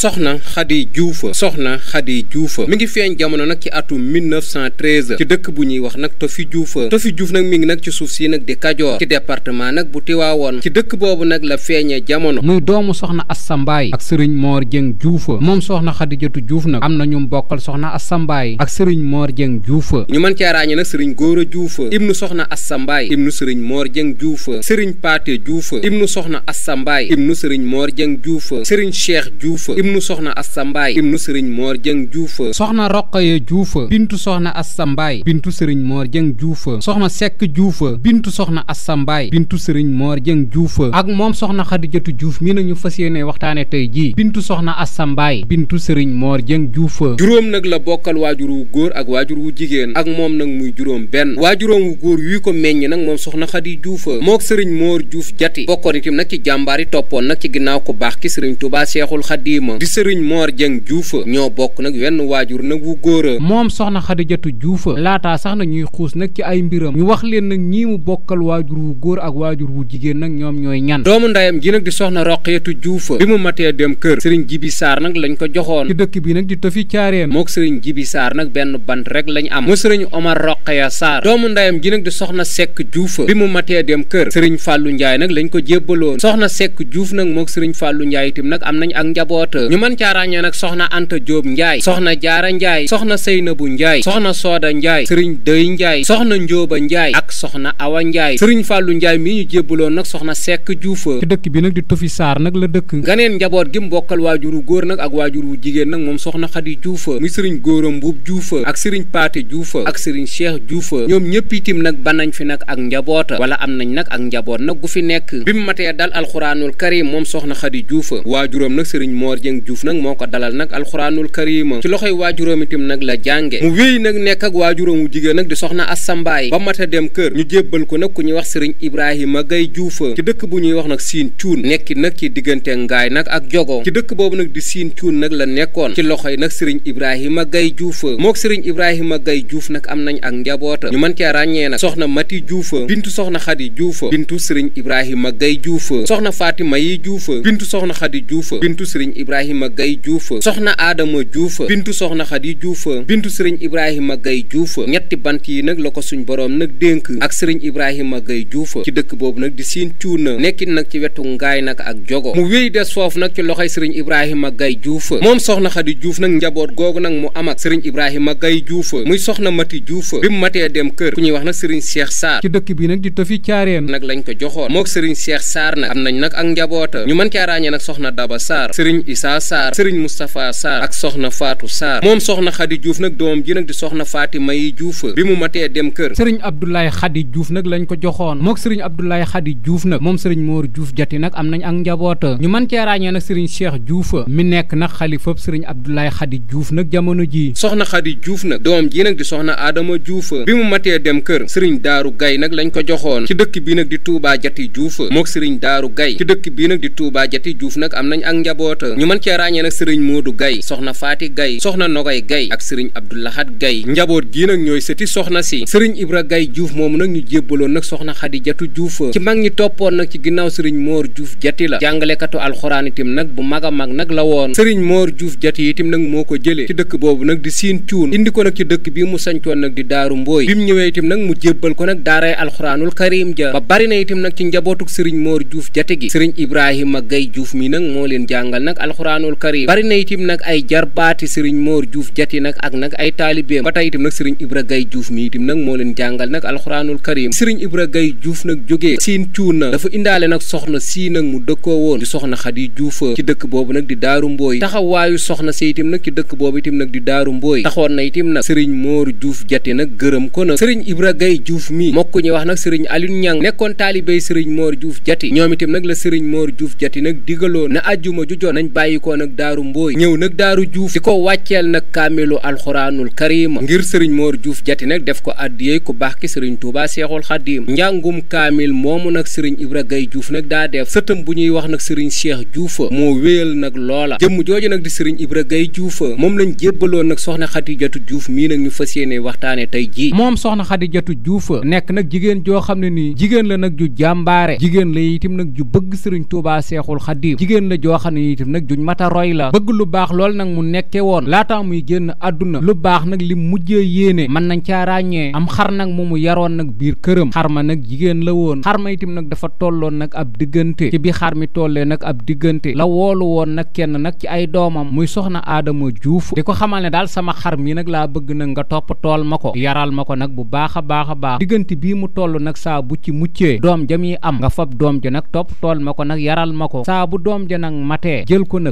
soxna Khady Diouf soxna Khady Diouf mi ngi feeñ jamono nag ci atum 1913 ci dëkk bu ñuy wax nag Toffi Diouf Toffi juuf nag mi ngi nag ci suuf si nag di Kajoor ci département nag bu Tiwaawoon ci dëkk boobu nag la feeñee jamono muy doomu soxna Assa Mbaay ak sëriñ Moor Jëng Diouf moom soxna Xadijatu juuf nag am na ñu bokkal soxna Assa Mbaay ak sëriñ Moor Jëng Diouf ñu mën cee ràññee nag sëriñ Góora Diouf ibnu soxna Assa Mbaay ibnu sëriñ Moor Jëng Diouf sëriñ Paate Diouf ibnu soxna Assa Mbaay sëriñ Moor Jëng Diouf sëriñ Cheikh ibnu soxna Asta Mbaay ibnu sëriñ Moor Jëng Juuf soxna Roqaya Juuf bintu soxna Asta Mbaay bintu sëriñ Moor Jëng Juuf soxna Sekk Juuf bintu soxna Asta Mbaay bintu sëriñ Moor Jëng Juuf ak moom soxna Xadijatu Juuf mi nañu fas yéene waxtaane tey jii bintu soxna Asta Mbaay bintu sëriñ Moor Jëng Juuf juróom nag la bokkal waajur wu góor ak waajur wu jigéen ak moom nag muy juróom benn waajuróom wu góor yuy ko meññi nag moom soxna Xadi Juuf mook sëriñ Moor Juuf jati bokkoon itam nag ci jàmbaar yi toppoon nag ci ginnaaw ko baax ki sëriñ Tuubaa Seexul Xadiima di sëriñ Mor Dieng Diouf ñoo bokk nag wenn waajur nag wu góor moom soxna Xadijatu Diouf laataa sax na ñuy xuus nag ci ay mbiram ñu wax leen nag ñii mu bokkal waajur wu góor ak waajur wu jigéen nag ñoom ñooy ñan doomu ndayam ji nag di soxna Roqeetu Diouf bi mu matee dem kër sëriñ Jibi Saar nag lañ ko joxoon ci dëkk bi nag di Tëfi Caareem mook sëriñ Jibi Saar nag benn bant rek lañ am mu sëriñ Omar Roqeya Saar doomu ndayam ji nag di soxna Sekk Diouf bi mu matee dem kër sëriñ Fàllu Njaay nag lañ ko jébbaloon soxna Sekk Diouf nag mook sëriñ Fàllu Njaay itam nag am nañ ak njaboot ñu man caa ràññee nag soxna Anta jóob Ndiaye soxna Jaara Ndiaye soxna Seynabu Ndiaye soxna Sooda Ndiaye sëriñ Dëy Ndiaye soxna Njóoba Ndiaye ak soxna Awa Ndiaye sëriñ Fàllu Ndiaye mi ñu jébbaloon nag soxna Sekk Juuf ci dëkk bi nag di tofi Saar nag la dëkk ganeen njaboot gi mbokkal waajuru góor nag ak waajuru jigéen nag moom soxna Xadi Juuf muy sëriñ Góora Mbuub Juuf ak sëriñ Paate Juuf ak sëriñ Cheikh Juuf ñoom ñëpp itim nag banañ fi nag ak njaboota wala am nañ nag ak njaboot nag gu fi nekk bi mu matee dal alxuraanul karim moom soxna Xadi Juuf waajuram nag sëriñ Moor Jëng Alioune Diouf nag moo ko dalal nag alxuraanul karima ci loxoy waajuróom itam nag la jànge mu wéy nag nekk ak waajuróom wu jigéen nag di soxna Asambaay ba mata dem kër ñu jébbal ko nag ku ñuy wax sëriñ Ibrahima Gay Diouf ci dëkk bu ñuy wax nag siin cuun nekki nag ci diggante ngaay nag ak jogo ci dëkk boobu nag di siin cuun nag la nekkoon ci loxo yi nag sëriñ Ibrahima Gay Diouf mook sëriñ Ibrahima Gay Diouf nag am nañ ak njaboota ñu mën cee ràññee nag soxna Mati Diouf bintu soxna Xadi Diouf bintu sëriñ Ibrahima Gay Diouf soxna Fatima yi Diouf bintu soxna Xadi Diouf bintu sëriñ Ibrahima Ibrahima Gaye Diouf soxna Adama Diouf bintu soxna Khady Diouf bintu sëriñ Ibrahima Gaye Diouf ñetti bant yi nag la ko suñ boroom nag dénk ak sëriñ Ibrahima Gaye Diouf ci dëkk boobu nag di siin cuuna nekkin nag ci wetu ngaay nag ak jogo mu wéy des foofu nag ci loxoy sëriñ Ibrahima Gaye Diouf moom soxna Khady Diouf nag njaboot googu nag mu am ak sëriñ Ibrahima Gaye Diouf muy soxna Mati Diouf bi mu matee dem kër ku ñuy wax nag sëriñ seex Sarr ci dëkk bi nag di Toffi Caareen nag lañ ko joxoon mook sëriñ Cheikh Sarr nag am nañ nag ak njaboota ñu mën caa nag soxna Daba Sarr sëriñ Issa Moustapha Sarr Serigne Moustapha Sarr ak soxna Fatou Sarr moom soxna Khady Diouf nag doom ji nag di soxna Faati May Diouf bi mu matee dem kër Serigne Abdoulaye Khady Diouf nag lañ ko joxoon mook Serigne Abdoulaye Khady Diouf nag moom Serigne Mor Diouf jati nag am nañ ak njaboota ñu mën cee ràññee nag Serigne Cheikh Diouf mi nekk nag xalifab Serigne Abdoulaye Khady Diouf nag jamono ji soxna Khady Diouf nag doom ji nag di soxna Adama Diouf bi mu matee dem kër Serigne Daaru Gay nag lañ ko joxoon ci dëkk bi nag di Touba Jati Diouf mook Serigne Daaru Gay ci dëkk cee ràññee nag sëriñ Modou Gaye soxna Faati Gaye soxna Nogay Gaye ak sëriñ Abdou Lahad Gaye njaboot gii nag ñooy sëti soxna si sëriñ Ibra Gaye Diouf moomu nag ñu jébbaloon nag soxna Xadijatu Diouf ci mag ñi toppoon nag ci ginnaaw sëriñ moor juuf Jati la jàngalekatu alxuraan itam nag bu mag a mag nag la woon sëriñ Mor Diouf Jati itam nag moo ko jëlee ci dëkk boobu nag di siin cuun indi ko nag ci dëkk bi mu sancoon nag di daaru mbooy bi mu ñëwee itam nag mu jébbal ko nag daaray alxuraanul karim ja ba bari na itam nag ci njabootuk sëriñ Mor juuf Jati gi sëriñ Ibrahima Gaye Diouf mi nag moo leen jàngal nag alxuraan alquranul karim bari na itim nag ay jarbaati sëriñ Mor Diouf Diatty nag ak nag ay taalibeem ba tey itam nag sëriñ Ibra Gaye Diouf mi itim nag moo leen jàngal nag alquranul karim sëriñ Ibra Gaye Diouf nag jógee siin mu dëkkoo woon di soxna Xadi Diouf ci dëkk boobu nag di daaru mbooy taxawaayu soxna si itim nag ci dëkk boobu itim nag na itim nag sëriñ Mor Diouf Diatty nag gërëm ko nag sëriñ Ibra Gaye Diouf mi mokku ñu wax nag sëriñ Alioune Niang nekkoon taalibey sëriñ Mor Diouf Diatty ñoom itim nag la sëriñ Mor Diouf Diatty nag digaloo na àjjuma ju nañ bàyyi bàyyikoo nag daaru mbooy ñëw nag daaru juuf di ko wàcceel nag kaamilu alxuraanul karima ngir sëriñ moor juuf jati nag def ko addiyey ku baax ki sëriñ tuuba seexul xadiim njàngum kaamil moomu nag sëriñ ibra gay juuf nag daa def sëtëm bu ñuy wax nag sëriñ cheikh juufa moo wéyal nag loola jëmm jooju nag di sëriñ ibra gay juufa moom lañ jébbaloon nag soxna xadijatu juuf mii nag ñu fa yéene waxtaane tey jii moom soxna xadijatu juufa nekk nag jigéen joo xam ne nii jigéen la nag ju jàmbaare jigéen la itam nag ju bëgg sëriñ tuuba seexul xadiim jigéen la joo xam ne itam nag juñ mata roy la bëgg lu baax lool nag mu nekke woon laata muy génn àdduna lu baax nag li mujjee yéene mën nañ caa ràññee am xar nag mu mu yaroon nag biir këram xar ma nag jigéen la woon xar ma itam nag dafa tolloon nag ab diggante ci bi xar mi tollee nag ab diggante la woolu woon nag kenn nag ci ay doomam muy soxna Adama Diouf di ko xamal ne daal sama xar mi nag laa bëgg nag nga topp tool ma ko yaral ma ko nag bu baax a baax a baax diggante bii mu toll nag saa bu ci muccee doom ja muy am nga doom ja nag topp tool ma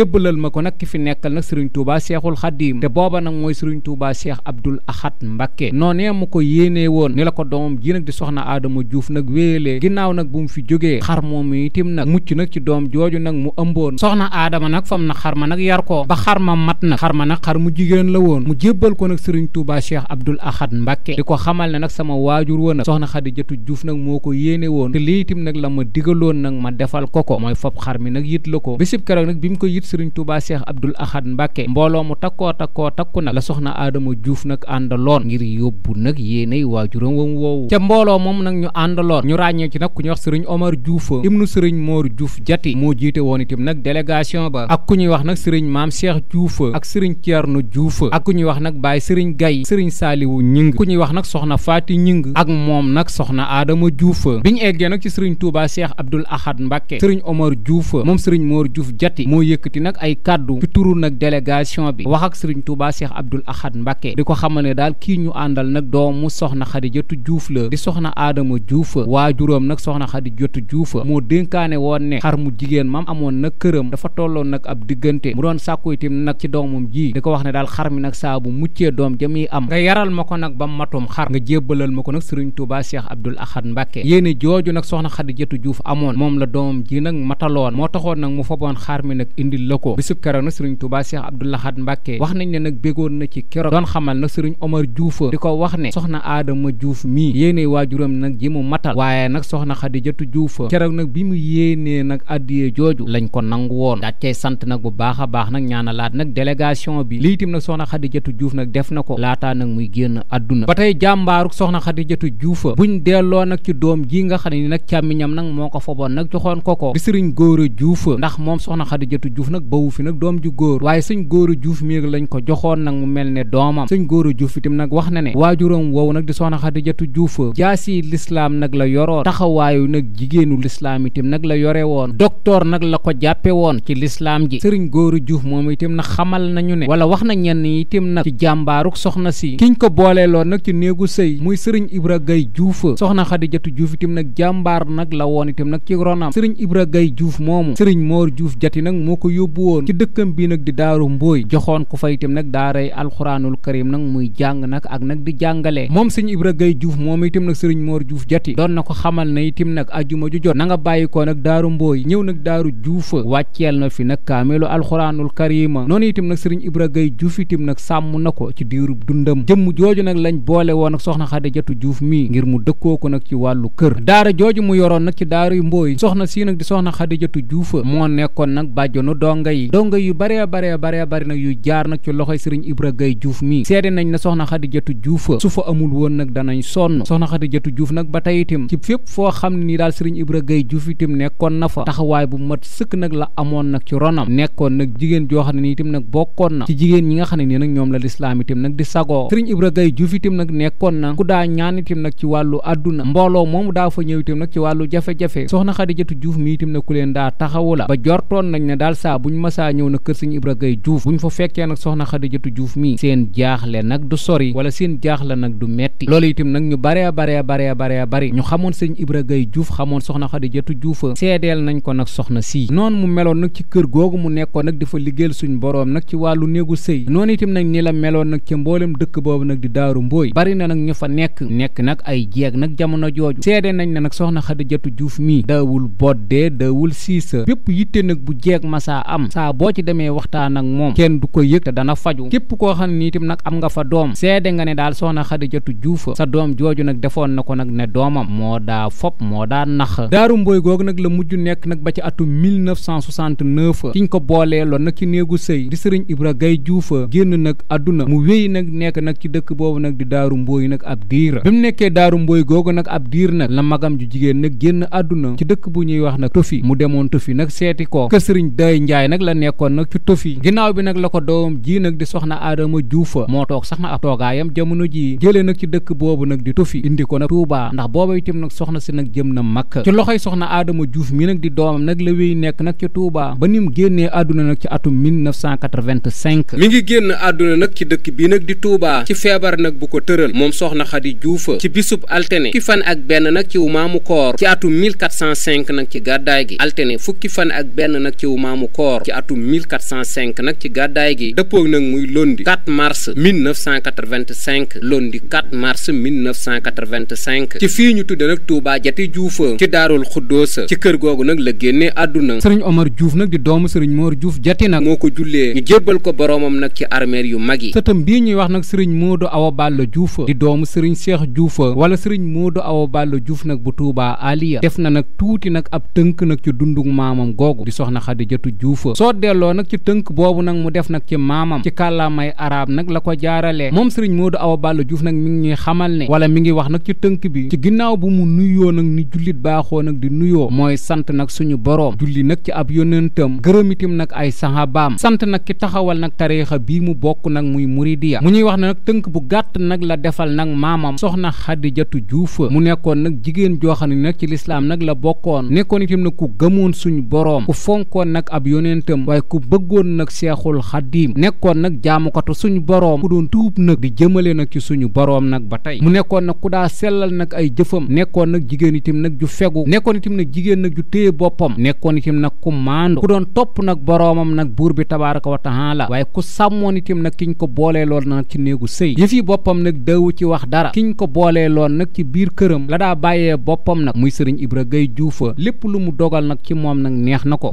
jébbalal ma ko nag ki fi nekkal nag sëriñ Touba Cheikhul Khadim te booba nag mooy sëriñ Touba Cheikh Abdoul Ahad Mbacké noonee mu ko yéene woon ni la ko doomam ji nag di soxna aadama juuf nag wéelee ginnaaw nag bu mu fi jógee xar moom itim nag mucc nag ci doom jooju nag mu ëmboon soxna aadama nag fam na xar ma nag yar ko ba xar ma mat nag xar ma nag xar mu jigéen la woon mu jébbal ko nag sëriñ Touba Cheikh Abdoul Ahad Mbacké di ko xamal ne nag sama waajur woon nag soxna Khadijatu Diouf nag moo ko yéene woon lii itim nag la ma digaloon nag ma defal ko ko mooy mi nag yit sëriñ Touba Cheikh Abdoul Ahad Mbacke mbooloo mu takkoo takkoo takku nag la soxna aadama Diouf nag àndaloon ngir yóbbu nag yéenay waajuram wam woowu ca mbooloo moom nag ñu àndaloon ñu ràññee ci nag ku ñuy wax sëriñ Omar Diouf ibnu sëriñ Mor Diouf Jati moo jiite woon itam nag délégation ba ak ku ñuy wax nag sëriñ Maam Cheikh Diouf ak sëriñ nu Diouf ak ku ñuy wax nag Baye sëriñ Gaye sëriñ Saliwu Ñing ku ñuy wax nag soxna Faati Ñing ak moom nag soxna Adama Diouf bi ñu eggee nag ci Touba Cheikh Abdoul Ahad Mbacke sëriñ Omar Diouf moom sëriñ yëkkati nag ay kàddu ci turu nag délégation bi wax ak sëriñ Touba Cheikh Abdoul Ahad Mbacké di ko xamal ne daal kii ñu àndal nag doomu soxna Xadijatu Juuf la di soxna Adama Juuf waajuram nag soxna Xadijatu Juuf moo dénkaane woon ne xar mu jigéen mam amoon nag këram dafa tolloon nag ab diggante mu doon sàkku itam nag ci doomam ji di wax ne daal xar mi nag saa muccee doom ja muy am yaral ma ko nag ba matum xar nga jébbalal ma ko nag sëriñ Touba Cheikh Abdoul Ahad Mbacké yéene jooju nag soxna Xadijatu Juuf amoon moom la doom ji nag mataloon moo taxoon nag mu faboon xar mi nag indil la ko bisub keroog nag sëriñ Touba Cheikh Abdou Lahad Mbacké wax nañ ne nag bégoon na ci keroog doon xamal nag sëriñ Omar Diouf di ko wax ne soxna Adama Diouf mii yéene waajuram nag ji mu matal waaye nag soxna Xadijatu Diouf keroog nag bi mu yéenee nag addiyee jooju lañ ko nangu woon daat cay sant nag bu baax a baax nag ñaanalaat nag délégation bi lii itam nag soxna Xadijatu Diouf nag def na ko laataa nag muy génn àdduna ba tey jàmbaaruk soxna Xadijatu Diouf buñ delloo nag ci doom ji nga xam ne ni nag càmmiñam nag moo ko foboon nag joxoon ko ko di nag bawu fi nag doom ju góor waaye sëñ góor a juuf mi lañ ko joxoon nag mu mel ne doomam sëñ góor a juuf itam nag wax na ne waajuram woowu nag di soxna xadijatu juuf jaasi lislaam nag la yoroon taxawaayu nag jigéenu lislaam itam nag la yore woon docteur nag la ko jàppe woon ci lislaam ji sëriñ góor juuf moom itam nag xamal nañu ne wala wax na ñenn itam nag ci jàmbaaruk soxna si kiñ ko booleeloon nag ci néegu sëy muy sëriñ ibra gay juuf soxna xadijatu juuf itam nag jàmbaar nag la woon itam nag ci ronam sëriñ ibra gay juuf moomu sëriñ moor juuf jati nag moo ko yóbbu yóbbu woon ci dëkkam bii nag di daaru mbooy joxoon ko fa itam nag daaray alxuraanul karim nag muy jàng nag ak nag di jàngale moom sëñ Ibra Gay Juuf moom itam nag sëriñ Moor Juuf jati doon na ko xamal na itam nag ajuma ju jot nanga nga bàyyi ko nag daaru mbooy ñëw nag daaru juufa wàcceel na fi nag kaamelu alxuraanul karima noonu itam nag sëriñ Ibra Gay Juuf itam nag sàmm na ko ci diirub dundam jëmm jooju nag lañ boole woon ak soxna Xadijatu Juuf mii ngir mu dëkkoo ko nag ci wàllu kër daara jooju mu yoroon nag ci daaru mbooy soxna sii nag di soxna Xadijatu Juufa moo nekkoon nag bàjjonu donga yi donga yu bare bare bare bari nag yu jaar nag ci loxoy sëriñ Ibra Gaye Diouf mii seede nañ ne soxna Xadijatu Diouf su fa amul woon nag soxna Xadijatu Diouf nag ba tey itam ci fépp foo xam ne ni daal sëriñ Ibra Gaye Diouf itam na fa taxawaay bu mat sëkk nag la amoon nag ci ronam nekkoon na ci na ku daa ñaan itam nag ci wàllu àdduna mbooloo moomu daa fa ñëw itam nag ci wàllu jafe-jafe soxna Xadijatu Diouf mii itam nag ku leen daa taxawu la ba jortoon nañ ne daal saa buñ masaa ñëw na kër sëñ Ibra Gay Juuf buñ fa fekkee nag soxna Xadijatu Juuf mii seen jaaxle nag du sori wala seen jaaxle nag du metti loolu itam nag ñu baree baree baree baree bari ñu xamoon sëñ Ibra Gay Juuf xamoon soxna Xadijatu Juufa seedeel nañ ko nag soxna sii noonu mu meloon nag ci kër googu mu nekkoon nag di fa liggéeyal suñ boroom nag ci wàllu néegu sëy noonu itam nag ni la meloon nag ca mboolem dëkk boobu nag di daaru mbooy bari na nag ñu fa nekk nekk nag ay jeeg nag jamono jooju seede nañ ne nag soxna Xadijatu Juuf mii daawul boddee daawul am saa boo ci demee waxtaan ak moom kenn du ko yëg te dana faju képp koo xam ne itam nag am nga fa doom seede nga ne daal soxna Xadijatu Juuf sa doom jooju nag defoon na ko nag ne doomam moo daa fop moo daa nax daaru mboy googu nag la mujj nekk nag ba ci atum 1969 kiñ ko boolee loon nag ci néegu sëy di sëriñ Ibra Gay Juuf génn nag adduna mu wéy nag nekk nag ci dëkk boobu nag di daaru mbooy nag ab diir bi nekkee daaru mbooy googu nag ab diir nag la magam ju jigéen nag génn àdduna ci dëkk bu ñuy wax nag Tofi mu demoon Tofi nag seeti ko kër sëriñ Njaay nag la nekkoon nag ci tufi ginnaaw bi nag la ko doom ji nag di soxna Adama Juufa moo toog sax na ab toogaayam jamono jii jëlee nag ci dëkk boobu nag di tufi indi ko nag Tuubaa ndax booba itam nag soxna si nag jëm na Makka ci loxoy soxna Adama Juuf mi nag di doomam nag la wéy nekk nag ci Tuubaa ba nim génnee àdduna nag ci atum 1985 mi ngi génn àdduna nag ci dëkk bi nag di Tuubaa ci feebar nag bu ko tëral moom soxna Xadi Juufa ci bisub altene fukki fan ak benn nag ci wu maamu koor ci atum 1405 nag ci gàddaay gi altene fukki fan ak benn nag ci wu maamu koor koor ci atum 1405 nag ci gàddaay gi dëppoo nag muy lundi 4 mars 1985 lundi 4 mars 1985 ci fii ñu tudde nag Touba Jati Diouf ci Daarul Xuddoos ci kër googu nag la génnee àdduna sëriñ Omar Diouf nag di doomu sëriñ Mor Diouf Jati nag moo ko jullee ñu jébbal ko boroomam nag ci armeel yu mag yi sëtam bii ñuy wax nag sëriñ Modou Awa Balla Diouf di doomu sëriñ Cheikh Diouf wala sëriñ Modou Awa Balla Diouf nag bu Touba Aliya def na nag tuuti nag ab tënk nag ci dundug maamam googu yuufa soo delloo nag ci tënk boobu nag mu def nag ci maamam ci kàllaamay arab nag la ko jaaralee moom sëriñ Modou Awa Balla Diouf nag mu ngi ñuy xamal ne wala mu ngi wax nag ci tënk bi ci ginnaaw bu mu nuyoo nag ni jullit baaxoo nag di nuyoo mooy sant nag suñu boroom julli nag ci ab yonentam gërëmitim nag ay sahabaam sant nag ki taxawal nag tariixa bii mu bokk nag muy muridiya mu ñuy wax nag tënk bu gàtt nag la defal nag maamam soxna xadijatu juufa mu nekkoon nag jigéen joo xam ne nag ci lislaam nag la bokkoon yonentam waaye ku bëggoon nag seexul xaddiim nekkoon nag jaamukatu suñu boroom ku doon tuub nag di jëmale nag ci suñu boroom nag ba tey mu nekkoon nag ku daa sellal nag ay jëfam nekkoon nag jigéen itam nag ju fegu nekkoon itam nag jigéen nag ju téye boppam nekkoon itam nag ku maandu ku doon topp nag boroomam nag buur bi tabaaraka wa la waaye ku sàmmoon itam nag kiñ ko boolee loon nag ci néegu sëy yëf yi boppam nag dëwu ci wax dara kiñ ko boolee loon nag ci biir këram la daa bàyyee boppam nag muy sëriñ Ibra Gay Juufa lépp lu mu dogal nag ci moom nag neex na ko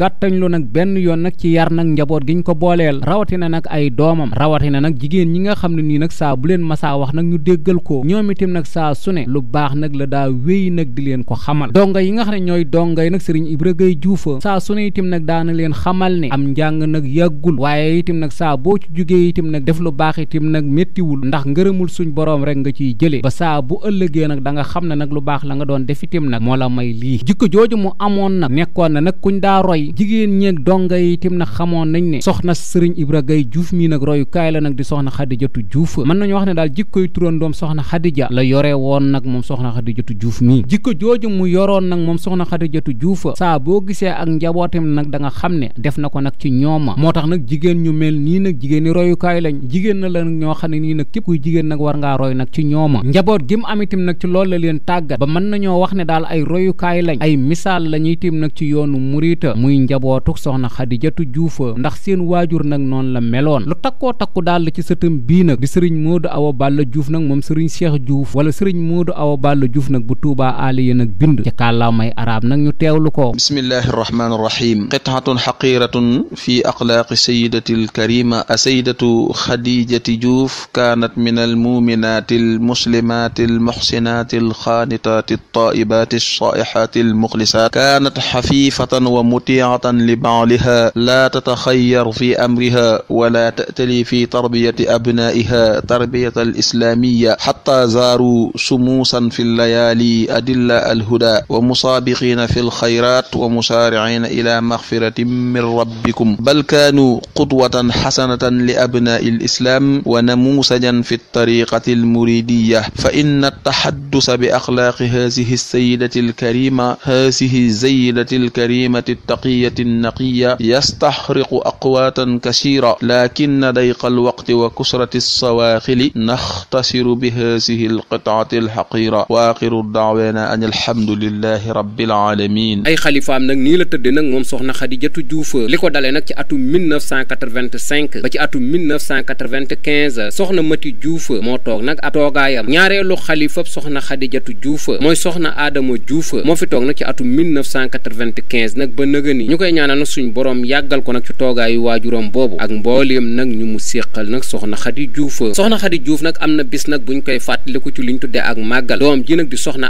gàttañlu nag benn yoon nag ci yar nag njaboot giñ ko booleel rawatina nag ay doomam rawati na nag jigéen ñi nga xam ne nii nag saa bu leen masaa wax nag ñu déggal ko ñoom itam nag saa su ne lu baax nag la daa wéy nag di leen ko xamal donga yi nga xam ne ñooy donga yi nag sëriñ Ibra Gay Juufa saa su ne itam nag daana leen xamal ne am njàng nag yàggul waaye itam nag saa boo ci jógee itam nag def lu baax itam nag méttiwul ndax ngërëmul suñ boroom rek nga ciy jëlee ba saa bu ëllëgee nag da nga xam ne nag lu baax la nga doon def nag moo la may lii roy jigéen ñeeg donga yi tim na xamoon nañ ne soxna sëriñ Ibra Gay Juuf mii nag royu kaay la nag di soxna Xadijatu Juuf man nañu wax ne daal jikkoy turandoom soxna Xadija la yore woon nag moom soxna Xadijatu Juuf mii jikko jooju mu yoroon nag moom soxna Xadijatu Juuf saa boo gisee ak njabootam nag da xam ne def na ko nag ci moo tax nag jigéen ñu mel nii nag jigéen ñi royukaay lañ jigéen na la ñoo xam ne nii nag képp kuy jigéen nag war ngaa roy nag ci ñooma njaboot gi mu am itam nag ci loolu la leen tàggat ba mën nañoo wax ne daal ay royukaay lañ ay misaal la ñuy tim nag ci yoonu murita muy njabootuk soxna xadijatu juuf ndax seen waajur nag noonu la meloon lu takkoo takku daal la ci sëtam bii nag di sëriñ moodu awa balla juuf nag moom sëriñ cheikh juuf wala sëriñ moodu awa balla juuf nag bu tuubaa aaliya nag bind ci kàllaamay arab nag ñu teewlu ko bismillahi arrahmani arrahim qit'atun xaqiratun fi axlaaqi sayidati alkarima asayidatu xadijati juuf kaanat min almuminati almuslimati almuxsinati alxaanitati altaibaati alsaaihati almuxlisaat kaanat xafifatan wa muti شفيعة لبعلها لا تتخير في أمرها ولا تأتلي في تربية أبنائها تربية الإسلامية حتى زاروا سموسا في الليالي أدل الهدى ومسابقين في الخيرات ومسارعين إلى مغفرة من ربكم بل كانوا قدوة حسنة لأبناء الإسلام ونموذجا في الطريقة المريدية فإن التحدث بأخلاق هذه السيدة الكريمة هذه الزيدة الكريمة التقية baqiyatin naqiya yastaxriqu aqwaatan kasiira laakina dayqa alwaqti wa kusrati alsawaaxili naxtasiru bi haasihi alqitaati alxaqiira wa axiru daawaana an alhamdulilahi rabbil alamin ay xalifaam nag nii la tëdde nag moom soxna Xadijatu Juuf li ko dalee nag ci atum 1985 ba ci atum 1995 soxna Mati Juuf moo toog nag ab toogaayam ñaareelu xalifab soxna Xadijatu Juuf mooy soxna Adama Juuf moo fi toog nag ci atum 1995 nag ba nëgën nii ñu koy ñaanal nag suñu borom yàggal ko nag ci toogaayu waajuram boobu ak mbooleem nag ñu mu séqal nag soxna Xadi Juuf soxna Xadi Juuf nag am na bis nag buñ koy fàttaliku ci liñ tuddee ak màggal doom ji nag di soxna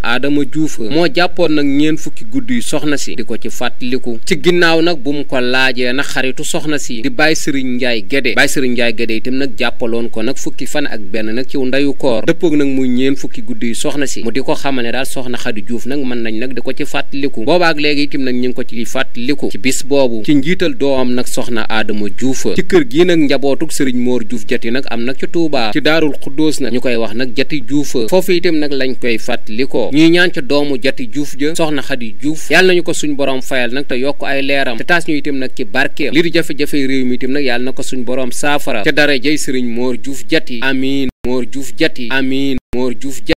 Juuf moo jàppoon nag ñeen fukki guddi yu soxna si di ko ci fàttaliku ci ginnaaw nag bu mu ko laajee nag xaritu soxna si di bàyyi sëriñ Njaay Gédé bàyyi sëriñ Njaay Gédé itam nag jàppaloon ko nag fukki fan ak benn nag ci ndeyu koor dëppoog nag muy ñeen fukki guddi yu soxna si mu di ko xamal ne daal soxna Xadi Juuf nag mën nañ nag di ko ci fàttaliku boobaak léegi itam nag ñu ngi ko ci fàttaliku fàttaliku ci bis boobu ci njiital doomam nag soxna Adama Diouf ci kër gii nag njabootug sëriñ Mor Diouf jati nag am nag ci Touba ci daarul xuddoos nag ñu koy wax nag jati Diouf foofu itam nag lañ koy fàttalikoo ñuy ñaan ca doomu jati Diouf ja soxna Xadi Diouf yàlla nañu ko suñ borom fayal nag te yokk ay leeram te taas ñu itam nag ci barkeem li di jafe-jafe réew mi itam nag yàlla na ko suñ borom saafara ca dara jëy sëriñ Mor Diouf jati amiin Mor Diouf jati